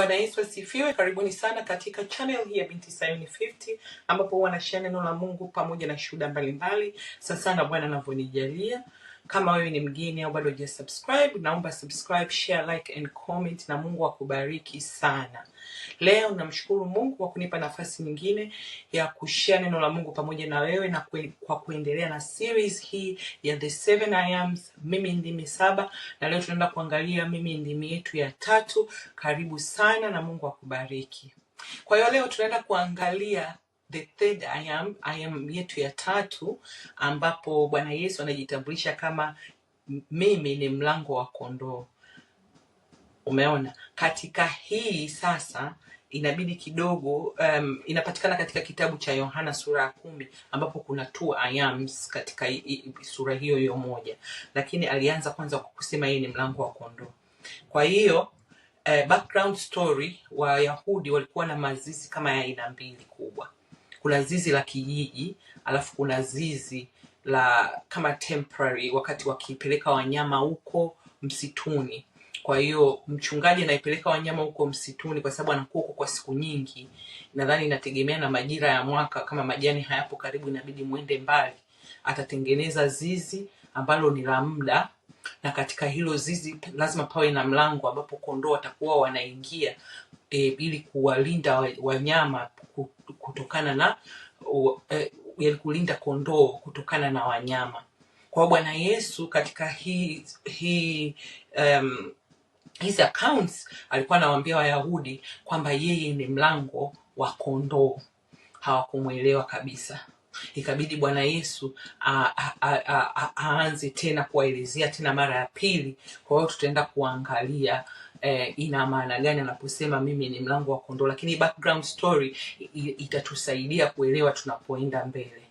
Bwana Yesu asifiwe. Karibuni sana katika channel hii ya Binti Sayuni 50 ambapo huwa nashia neno la Mungu pamoja na shuhuda mbalimbali. Sasa sana Bwana anavyonijalia kama wewe ni mgeni au bado hujasubscribe, naomba subscribe, share, like and comment, na Mungu akubariki sana. Leo namshukuru Mungu kwa kunipa nafasi nyingine ya kushare neno la Mungu pamoja na wewe na kwe, kwa kuendelea na series hii ya The Seven I mimi ndimi saba, na leo tunaenda kuangalia mimi ndimi yetu ya tatu. Karibu sana na Mungu akubariki. Kwa hiyo leo tunaenda kuangalia the third I am, I am yetu ya tatu ambapo Bwana Yesu anajitambulisha kama mimi ni mlango wa kondoo. Umeona, katika hii sasa inabidi kidogo um, inapatikana katika kitabu cha Yohana sura ya kumi ambapo kuna two I ams katika i, i, sura hiyo hiyo moja, lakini alianza kwanza kwa kusema yeye ni mlango wa kondoo. Kwa hiyo eh, background story, Wayahudi walikuwa na mazizi kama ya aina mbili kubwa kuna zizi la kijiji alafu kuna zizi la kama temporary wakati wakipeleka wanyama huko msituni kwa hiyo mchungaji anayepeleka wanyama huko msituni kwa sababu anakuwa huko kwa siku nyingi nadhani inategemea na majira ya mwaka kama majani hayapo karibu inabidi mwende mbali atatengeneza zizi ambalo ni la muda na katika hilo zizi lazima pawe na mlango ambapo kondoo watakuwa wanaingia e, ili kuwalinda wanyama kutokana na uh, uh, kulinda kondoo kutokana na wanyama. Kwa Bwana Yesu katika hii hii um, hizi accounts alikuwa anawaambia Wayahudi kwamba yeye ni mlango wa kondoo. Hawakumwelewa kabisa. Ikabidi Bwana Yesu aanze tena kuwaelezea tena mara ya pili. Kwa hiyo tutaenda kuangalia eh, ina maana gani anaposema mimi ni mlango wa kondoo, lakini background story itatusaidia kuelewa tunapoenda mbele.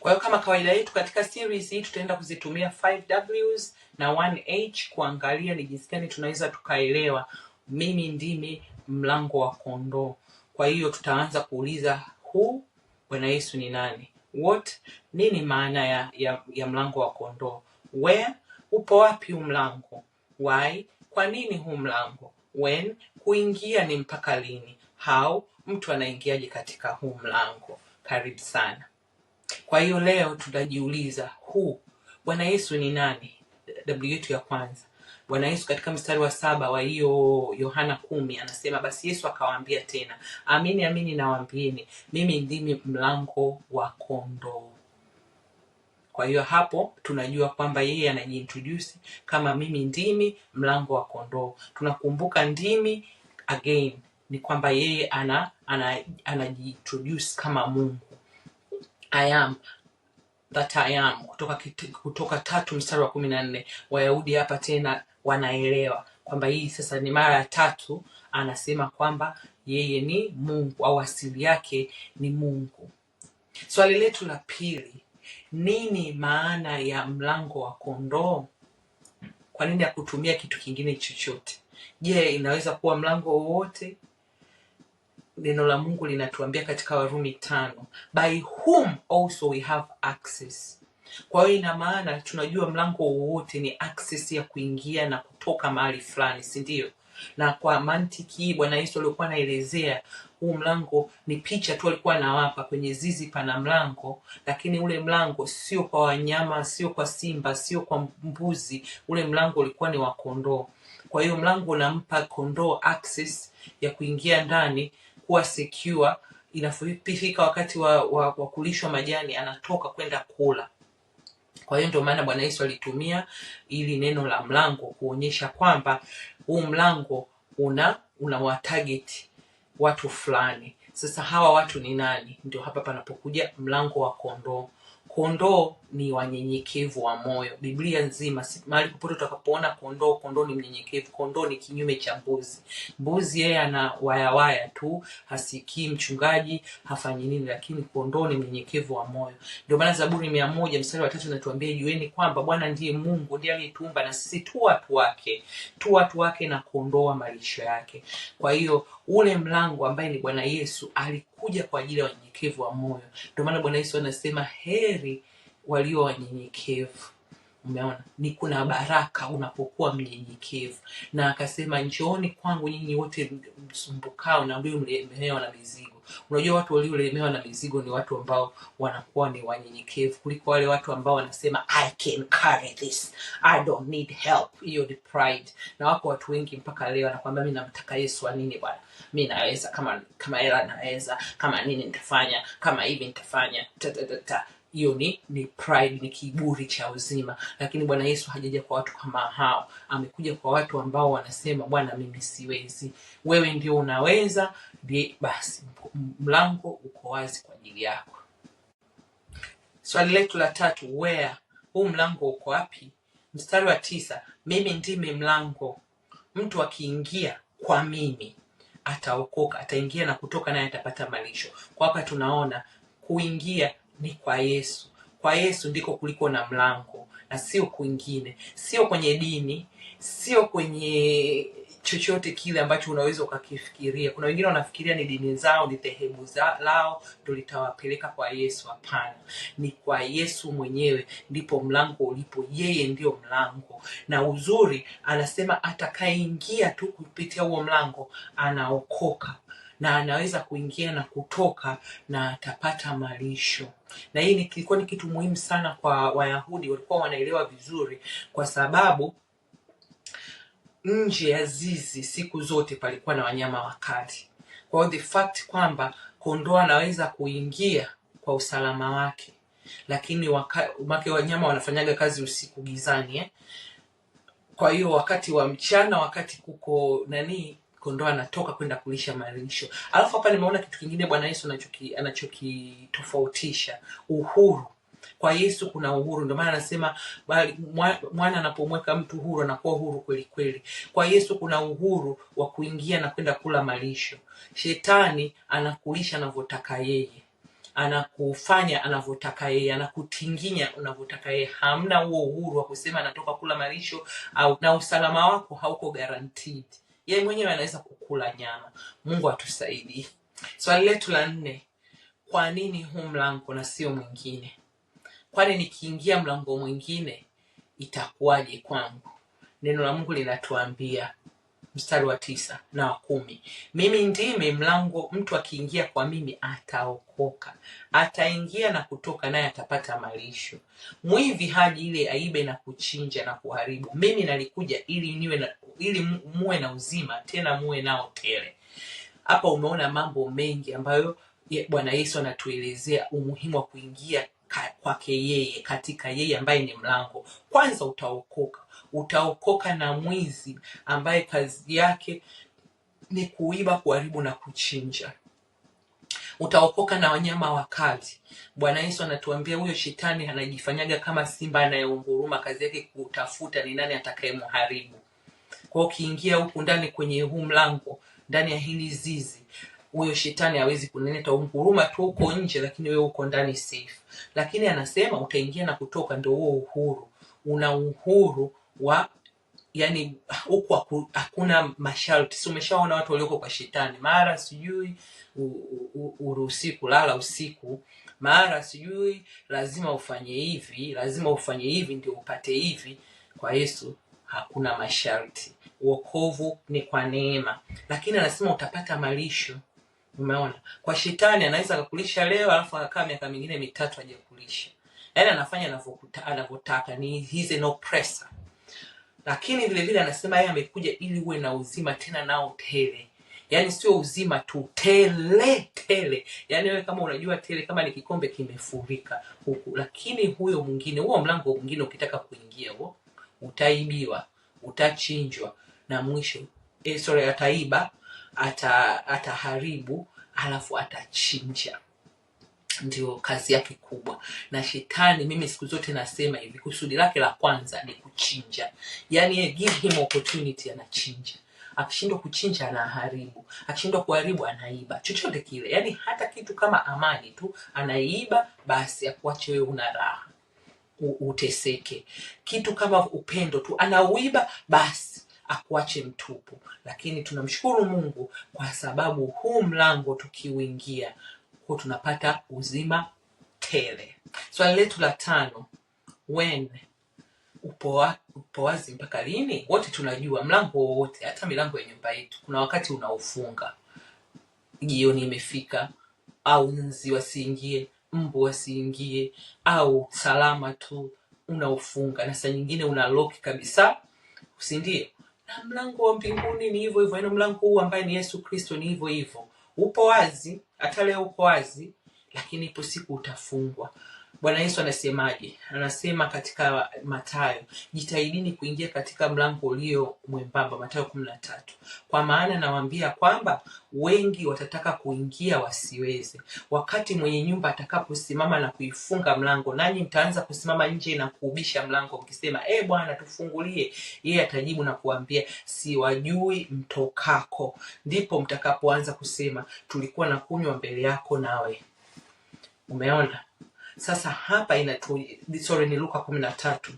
Kwa hiyo kama kawaida yetu katika series hii tutaenda kuzitumia 5Ws na 1H kuangalia ni jinsi gani tunaweza tukaelewa mimi ndimi mlango wa kondoo. Kwa hiyo tutaanza kuuliza hu Bwana Yesu ni nani? What, nini maana ya, ya, ya mlango wa kondoo? Where, upo wapi huu mlango? Why, kwa nini huu mlango, when kuingia ni mpaka lini, how mtu anaingiaje katika huu mlango. Karibu sana. Kwa hiyo leo tutajiuliza huu Bwana Yesu ni nani? W yetu ya kwanza Bwana Yesu katika mstari wa saba wa hiyo Yohana kumi anasema, basi Yesu akawaambia tena, amini amini nawaambieni, mimi ndimi mlango wa kondoo. Kwa hiyo hapo tunajua kwamba yeye anajiintroduce kama mimi ndimi mlango wa kondoo. Tunakumbuka ndimi again ni kwamba yeye ana anajiintroduce ana kama Mungu. I am that I am kutoka, kutoka tatu mstari wa kumi na nne. Wayahudi hapa tena wanaelewa kwamba hii sasa ni mara ya tatu anasema kwamba yeye ni Mungu au asili yake ni Mungu. Swali letu la pili nini maana ya mlango wa kondoo? Kwa nini kutumia kitu kingine chochote? Je, inaweza kuwa mlango wowote? Neno la Mungu linatuambia katika Warumi tano, by whom also we have access. Kwa hiyo ina maana tunajua mlango wowote ni access ya kuingia na kutoka mahali fulani, si ndio? Na kwa mantiki hii Bwana Yesu aliokuwa anaelezea huu mlango ni picha tu alikuwa anawapa kwenye zizi pana mlango lakini ule mlango sio kwa wanyama sio kwa simba sio kwa mbuzi ule mlango ulikuwa ni wa kondoo kwa hiyo mlango unampa kondoo access ya kuingia ndani kuwa secure inafika wakati wa, wa, wa kulishwa majani anatoka kwenda kula kwa hiyo ndio maana bwana yesu alitumia ili neno la mlango kuonyesha kwamba huu mlango una una watarget watu fulani. Sasa hawa watu ni nani? Ndio hapa panapokuja mlango wa kondoo kondoo ni wanyenyekevu wa moyo biblia nzima mahali popote utakapoona kondoo kondoo ni mnyenyekevu kondoo ni kinyume cha mbuzi mbuzi yeye ana wayawaya tu hasikii mchungaji hafanyi nini lakini kondoo ni mnyenyekevu wa moyo ndio maana zaburi mia moja mstari wa tatu inatuambia jueni kwamba bwana ndiye mungu ndiye aliyetuumba na sisi tu watu wake tu watu wake na kuondoa malisho yake kwa hiyo ule mlango ambaye ni bwana yesu alikuwa kuja kwa ajili ya wanyenyekevu wa moyo. Ndio maana Bwana Yesu anasema heri walio wanyenyekevu. Umeona, ni kuna baraka unapokuwa mnyenyekevu. Na akasema njooni kwangu nyinyi wote msumbukao na mliolemewa na mizigo. Unajua, watu waliolemewa na mizigo ni watu ambao wanakuwa ni wanyenyekevu kuliko wale watu ambao wanasema I can carry this, I don't need help. Hiyo ni pride, na wako watu wengi mpaka leo anakwambia mi namtaka Yesu anini bwana, mi naweza kama kama hela naweza kama nini nitafanya kama hivi nitafanya ta, ta, ta, ta hiyo ni ni pride ni kiburi cha uzima lakini bwana yesu hajaja kwa watu kama hao amekuja kwa watu ambao wanasema bwana mimi siwezi wewe ndio unaweza bie, basi mlango uko wazi kwa ajili yako swali letu la tatu where huu mlango uko wapi mstari wa tisa mimi ndimi mlango mtu akiingia kwa mimi ataokoka ataingia na kutoka naye atapata malisho kwa hapa tunaona kuingia ni kwa Yesu. Kwa Yesu ndiko kuliko na mlango, na sio kwingine, sio kwenye dini, sio kwenye chochote kile ambacho unaweza ukakifikiria. Kuna wengine wanafikiria ni dini zao, ni dhehebu lao ndo litawapeleka kwa Yesu. Hapana, ni kwa Yesu mwenyewe ndipo mlango ulipo. Yeye ndio mlango, na uzuri anasema atakayeingia tu kupitia huo mlango anaokoka, na anaweza kuingia na kutoka, na atapata malisho na hii kilikuwa ni kitu muhimu sana kwa Wayahudi, walikuwa wanaelewa vizuri, kwa sababu nje ya zizi siku zote palikuwa na wanyama wakati Kwa the fact kwamba kondoo anaweza kuingia kwa usalama wake, lakini wake make wanyama wanafanyaga kazi usiku gizani eh? Kwa hiyo wakati wa mchana, wakati kuko nani kondoo anatoka kwenda kulisha malisho. Alafu hapa nimeona kitu kingine Bwana Yesu anachokitofautisha uhuru. Kwa Yesu kuna uhuru, ndio maana anasema mwana anapomweka mtu huru anakuwa huru kweli kweli. Kwa Yesu kuna uhuru wa kuingia na kwenda kula malisho. Shetani anakulisha anavyotaka yeye anakufanya anavyotaka yeye, anakutinginya unavyotaka yeye. Hamna huo uhuru wa kusema anatoka kula malisho au, na usalama wako hauko guaranteed yeye mwenyewe anaweza kukula nyama mungu atusaidie swali letu la nne kwa nini huu mlango na sio mwingine kwani nikiingia mlango mwingine itakuwaje kwangu neno la mungu linatuambia mstari wa tisa na wa kumi mimi ndimi mlango mtu akiingia kwa mimi ataokoka ataingia na kutoka naye atapata malisho mwivi haji ile aibe na kuchinja na kuharibu mimi nalikuja ili niwe na, ili muwe na uzima tena muwe nao tele hapa umeona mambo mengi ambayo bwana yesu anatuelezea umuhimu wa kuingia kwake yeye katika yeye ambaye ni mlango kwanza utaokoka utaokoka na mwizi ambaye kazi yake ni kuiba, kuharibu na kuchinja. Utaokoka na wanyama wakali. Bwana Yesu anatuambia huyo shetani anajifanyaga kama simba anayeunguruma, kazi yake kutafuta ni nani atakayemharibu. Kwa ukiingia huku ndani kwenye huu mlango, ndani ya hili zizi, huyo shetani hawezi kuneneta, unguruma tu huko nje, lakini wewe uko ndani safe. Lakini anasema utaingia na kutoka, ndio huo uhuru. Una uhuru wa yani huku hakuna masharti. Si umeshaona watu walioko kwa shetani, mara sijui uruhusi kulala usiku, mara sijui lazima ufanye hivi, lazima ufanye hivi ndio upate hivi. Kwa Yesu hakuna masharti. Uokovu ni kwa neema, lakini anasema utapata malisho. Umeona, kwa shetani anaweza akakulisha leo alafu akakaa miaka mingine mitatu ajakulisha Yaani anafanya anavyotaka, ni no pressure lakini vile vile anasema yeye amekuja ili uwe na uzima tena nao tele yaani sio uzima tu tele tele yaani wewe kama unajua tele kama ni kikombe kimefurika huku lakini huyo mwingine huo mlango mwingine ukitaka kuingia huo utaibiwa utachinjwa na mwisho eh, sorry ataiba ata, ataharibu alafu atachinja ndio kazi yake kubwa na shetani mimi siku zote nasema hivi kusudi lake la kwanza ni kuchinja yani give him opportunity anachinja akishindwa kuchinja anaharibu akishindwa kuharibu anaiba chochote kile yani hata kitu kama amani tu anaiba basi akuache wewe una raha uteseke kitu kama upendo tu anauiba basi akuache mtupu lakini tunamshukuru mungu kwa sababu huu mlango tukiuingia ndipo tunapata uzima tele. Swali letu la tano, when upoa, upoazi mpaka lini? Wote tunajua mlango wowote, hata milango ya nyumba yetu, kuna wakati unaofunga. Jioni imefika, au nzi wasiingie, mbu wasiingie, au salama tu unaofunga, na saa nyingine una lock kabisa, usindie Na mlango wa mbinguni ni hivyo hivyo, yaani mlango huu ambaye ni Yesu Kristo ni hivyo hivyo upo wazi hata leo upo wazi lakini ipo siku utafungwa Bwana Yesu anasemaje? Anasema katika Mathayo, jitahidini kuingia katika mlango ulio mwembamba, Mathayo kumi na tatu. Kwa maana nawaambia kwamba wengi watataka kuingia wasiweze, wakati mwenye nyumba atakaposimama na kuifunga mlango, nanyi mtaanza kusimama nje na kuubisha mlango mkisema, e Bwana, tufungulie. Yeye atajibu na kuambia, siwajui mtokako. Ndipo mtakapoanza kusema, tulikuwa na kunywa mbele yako, nawe umeona sasa hapa inatu sorry ni luka kumi na tatu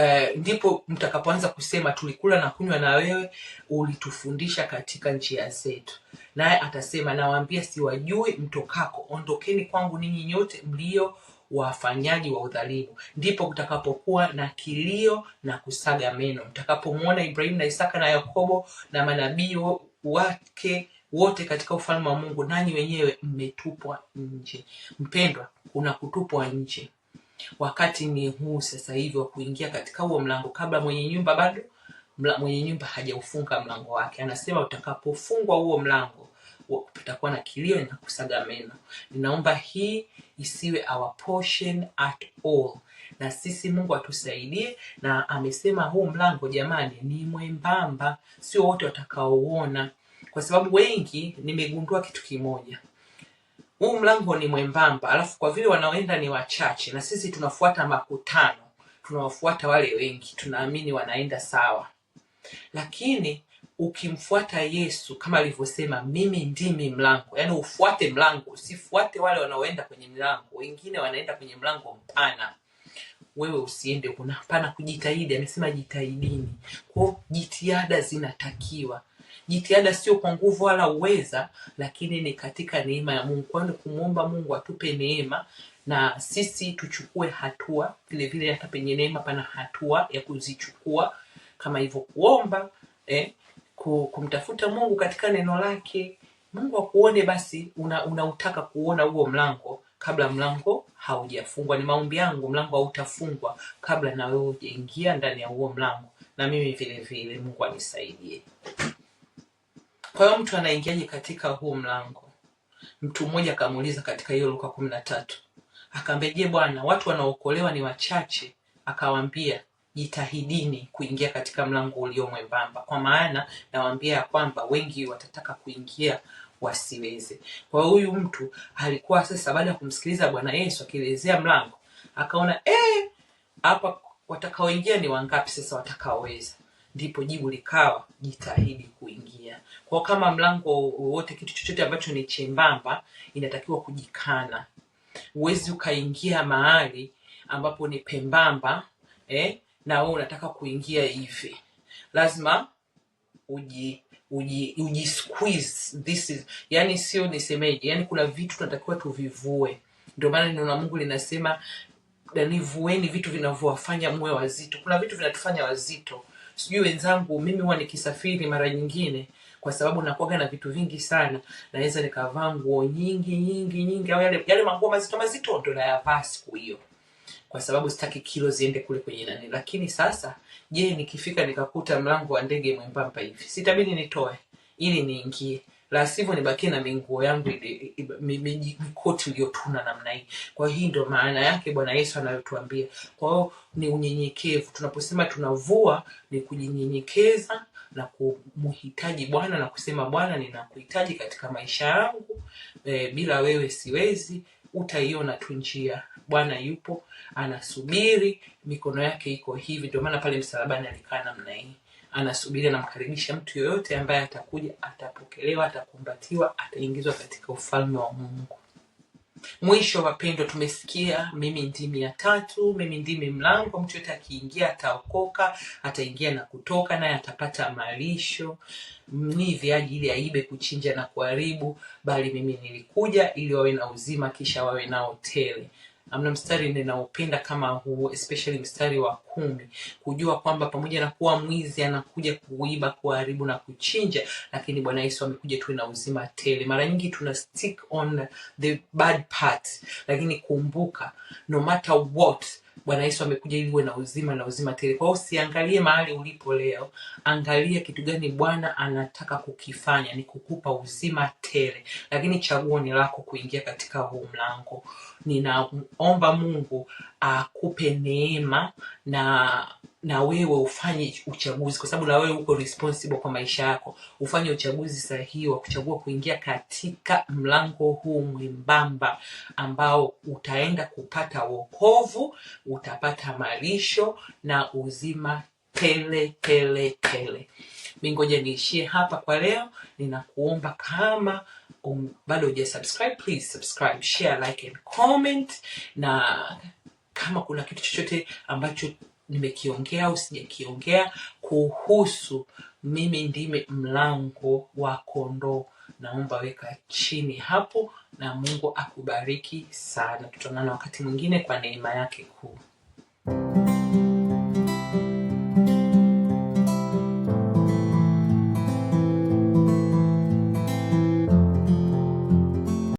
eh, ndipo mtakapoanza kusema tulikula na kunywa na wewe ulitufundisha katika njia zetu naye atasema nawaambia siwajui mtokako ondokeni kwangu ninyi nyote mlio wafanyaji wa udhalimu ndipo mtakapokuwa na kilio na kusaga meno mtakapomwona ibrahimu na isaka na yakobo na manabii wake wote katika ufalme wa Mungu, nanyi wenyewe mmetupwa nje. Mpendwa, kuna kutupwa nje. Wakati ni huu sasa hivi wa kuingia katika huo mlango, kabla mwenye nyumba bado mwenye nyumba hajaufunga mlango wake. Anasema utakapofungwa huo mlango utakuwa na kilio na kusaga meno. Ninaomba hii isiwe our portion at all, na sisi Mungu atusaidie. Na amesema huu mlango jamani, ni mwembamba, sio wote watakaouona kwa sababu wengi nimegundua kitu kimoja huu mlango ni mwembamba alafu kwa vile wanaoenda ni wachache na sisi tunafuata makutano tunawafuata wale wengi tunaamini wanaenda sawa lakini ukimfuata yesu kama alivyosema mimi ndimi mlango yaani ufuate mlango usifuate wale wanaoenda kwenye mlango wengine wanaenda kwenye mlango mpana wewe usiende kuna pana kujitahidi amesema jitahidini kwao jitihada zinatakiwa Jitihada sio kwa nguvu wala uweza, lakini ni katika neema ya Mungu. Kwa hiyo kumwomba Mungu atupe neema na sisi tuchukue hatua vile vile Hata penye neema pana hatua ya kuzichukua, kama hivyo kuomba eh, kumtafuta Mungu katika neno lake. Mungu akuone basi, unautaka una kuona huo mlango kabla mlango haujafungwa. Ni maombi yangu, mlango hautafungwa kabla na wewe hujaingia ndani ya huo mlango, na mimi vile vile. Mungu anisaidie. Kwa hiyo mtu anaingiaje katika huu mlango? Mtu mmoja akamuuliza katika hiyo Luka kumi na tatu, akaambia je, Bwana, watu wanaokolewa ni wachache? akawambia jitahidini kuingia katika mlango ulio mwembamba, kwa maana nawaambia ya kwamba wengi watataka kuingia wasiweze. Kwa hiyo huyu mtu alikuwa sasa, baada ya kumsikiliza Bwana Yesu akielezea mlango, akaona eh, hapa watakaoingia ni wangapi sasa watakaoweza ndipo jibu likawa jitahidi kuingia kwa Kama mlango wowote, kitu chochote ambacho ni chembamba, inatakiwa kujikana. Huwezi ukaingia mahali ambapo ni pembamba eh, na wewe unataka kuingia hivi, lazima uji uji, uji squeeze this is, yani sio nisemeje, yani kuna vitu tunatakiwa tuvivue. Ndio maana neno la Mungu linasema nivueni yaani vitu vinavyowafanya muwe wazito. Kuna vitu vinatufanya wazito sijui wenzangu mimi huwa nikisafiri mara nyingine kwa sababu nakuaga na vitu vingi sana naweza nikavaa nguo nyingi nyingi nyingi au yale, yale manguo mazito mazito ndo nayavaa siku hiyo kwa sababu sitaki kilo ziende kule kwenye nani lakini sasa je nikifika nikakuta mlango wa ndege mwembamba hivi sitabidi nitoe ili niingie la sivyo nibakie na minguo yangu mikoti iliyotuna namna hii kwa hii ndo maana yake bwana yesu anayotuambia kwa hiyo ni unyenyekevu tunaposema tunavua ni kujinyenyekeza na kumhitaji bwana na kusema bwana ninakuhitaji katika maisha yangu e, bila wewe siwezi utaiona tu njia bwana yupo anasubiri mikono yake iko hivi ndio maana pale msalabani alikaa namna hii anasubiri anamkaribisha mtu yoyote ambaye atakuja, atapokelewa, atakumbatiwa, ataingizwa katika ufalme wa Mungu. Mwisho wapendwa, tumesikia mimi ndimi ya tatu, mimi ndimi mlango. Mtu yote akiingia ataokoka, ataingia na kutoka, naye atapata malisho. Ni viaji ili aibe, kuchinja na kuharibu, bali mimi nilikuja ili wawe na uzima, kisha wawe nao tele amna mstari ninaopenda kama huo especially mstari wa kumi kujua kwamba pamoja na kuwa mwizi anakuja kuiba kuharibu na kuchinja lakini bwana yesu amekuja tu na uzima tele mara nyingi tuna stick on the bad part lakini kumbuka no matter what Bwana Yesu amekuja ili uwe na uzima na uzima tele. Kwa hiyo usiangalie mahali ulipo leo, angalia kitu gani Bwana anataka kukifanya, ni kukupa uzima tele, lakini chaguo ni lako kuingia katika huu mlango. Ninaomba Mungu akupe uh, neema na na wewe ufanye uchaguzi, kwa sababu na wewe uko responsible kwa maisha yako. Ufanye uchaguzi sahihi wa kuchagua kuingia katika mlango huu mwembamba ambao utaenda kupata wokovu, utapata malisho na uzima tele tele tele. Mi ngoja niishie hapa kwa leo. Ninakuomba kama um, bado hujasubscribe, please subscribe, share, like and comment na kama kuna kitu chochote ambacho nimekiongea au sijakiongea kuhusu mimi ndime mlango wa kondoo naomba weka chini hapo na mungu akubariki sana tutaonana wakati mwingine kwa neema yake kuu